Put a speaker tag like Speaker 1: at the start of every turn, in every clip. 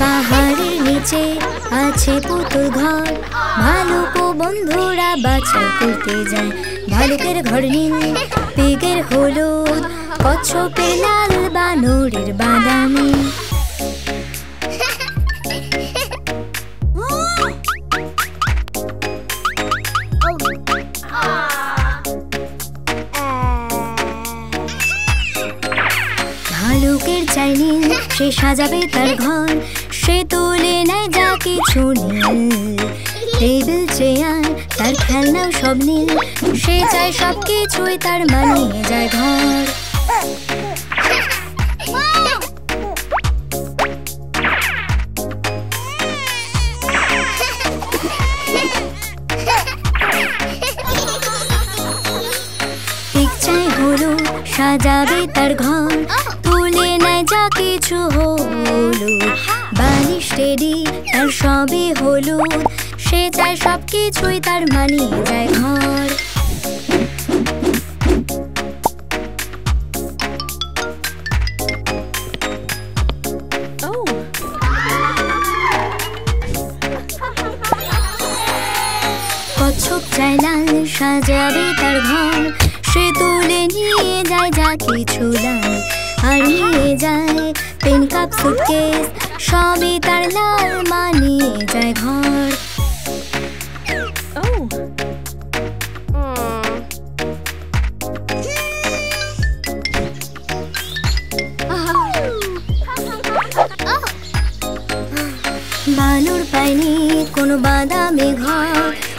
Speaker 1: পাহাড়ের নিচে আছে পুতুল ঘর ভালুক ও বন্ধুরা বাছাই করতে যায় ভালুকের ঘর নীল পিগের হলুদ কচ্ছপে লাল বানরের বাদামি সে সাজাবে তার ঘর সে তুলে নেয় যা কিছু নীল টেবিল চেয়ার তার খেলনাও সব নীল সে চায় সব কিছুই তার মানিয়ে যায় ঘর সাজাবে তার ঘর না কিছু হলো বালিশ রেডি তার সবই হলো সে চায় সব কিছুই তার মানিয়ে যায় ঘর কচ্ছপ চায় লাল সাজাবে তার ঘর সে তুলে নিয়ে যায় যা কিছু লাল হারিয়ে যায় পেন কাপ সুটকেস সবই তার লাল মানিয়ে যায় ঘর oh. বালুর পায়নি কোনো বাদামে ঘর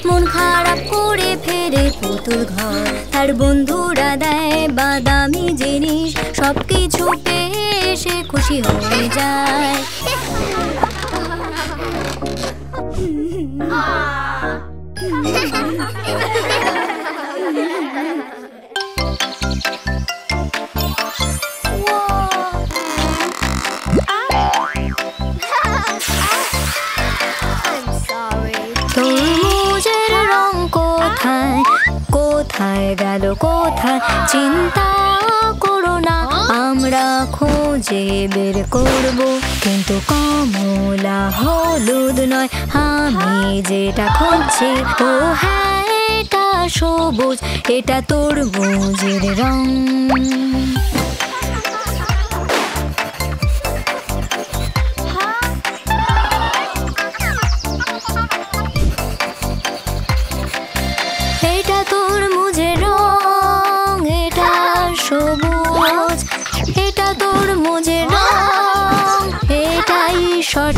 Speaker 1: মন খারাপ করে ফেরে পুতুল ঘর তার বন্ধুরা দেয় বাদামি জিনিস সব কিছু পেয়ে সে খুশি হয়ে যায় গেল কোথায় চিন্তা করো না আমরা খুঁজে বের করব কিন্তু কমলা হলুদ নয় আমি যেটা খুঁজছি ও হ্যাঁ এটা সবুজ এটা তোর বুঝের রং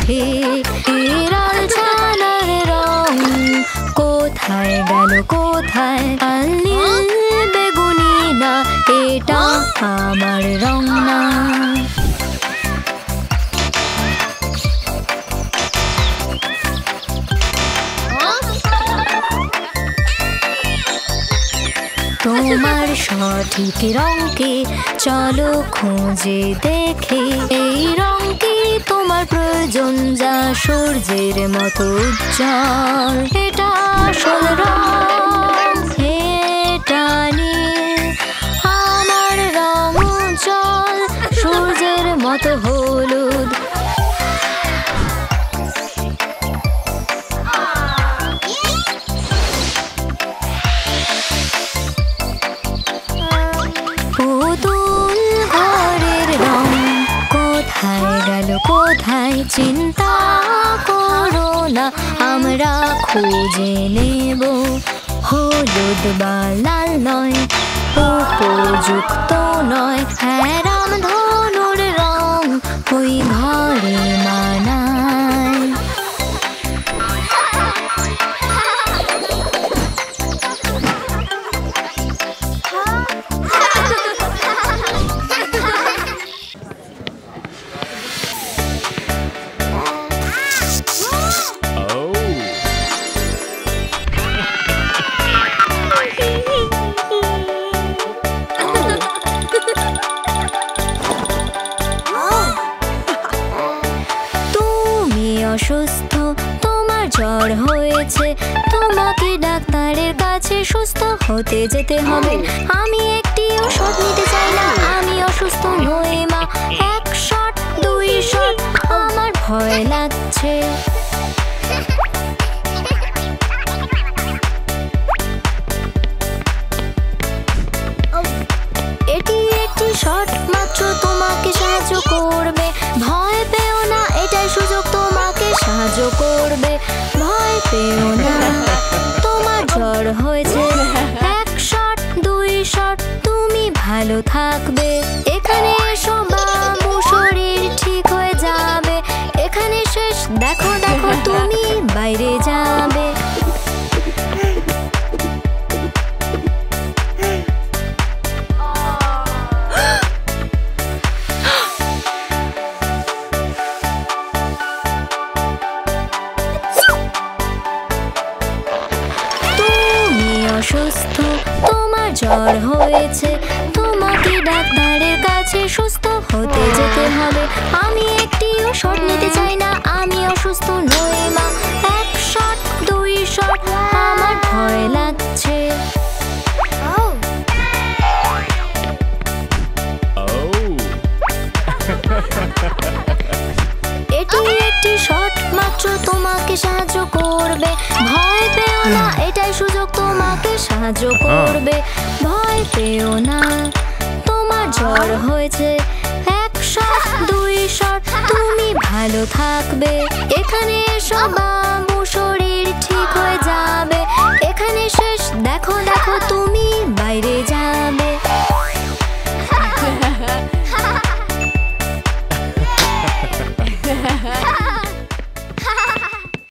Speaker 1: চোখে বিড়াল ছানার রং কোথায় গেল কোথায় আনলি বেগুনি না এটা আমার রং তোমার সঠিক রঙকে চলো খুঁজে দেখে এই রঙকে তোমার প্রয়োজন যা সূর্যের মতো উজ্জ্বল এটা আসল রং এটা নিয়ে আমার রং উজ্জ্বল সূর্যের মতো হোক গেল কোথায় চিন্তা করো না আমরা খুঁজে নেব হলুদ বা লাল নয় উপযুক্ত নয় হ্যাঁ কাছে সুস্থ হতে যেতে হবে আমি একটি ওষুধ নিতে চাই না আমি অসুস্থ নই মা এক শট দুই শট আমার ভয় লাগছে এটি একটি শট মাত্র তোমাকে সাহায্য করবে ভয় পেও না এটাই সুযোগ তোমাকে সাহায্য করবে ভয় পেও না বছর হয়েছে এক শট দুই শট তুমি ভালো থাকবে এখানে সময় কাছে সুস্থ হতে যেতে হবে আমি একটিও শট নিতে চাই না আমি অসুস্থ নই মা এক শট দুই শট আমার ভয় লাগছে এটি একটি শট মাত্র তোমাকে সাহায্য করবে ভয় পেও না এটাই সুযোগ তোমাকে সাহায্য করবে ভয় পেও না জ্বর হয়েছে এক শট দুই শট তুমি ভালো থাকবে এখানে সব শরীর ঠিক হয়ে যাবে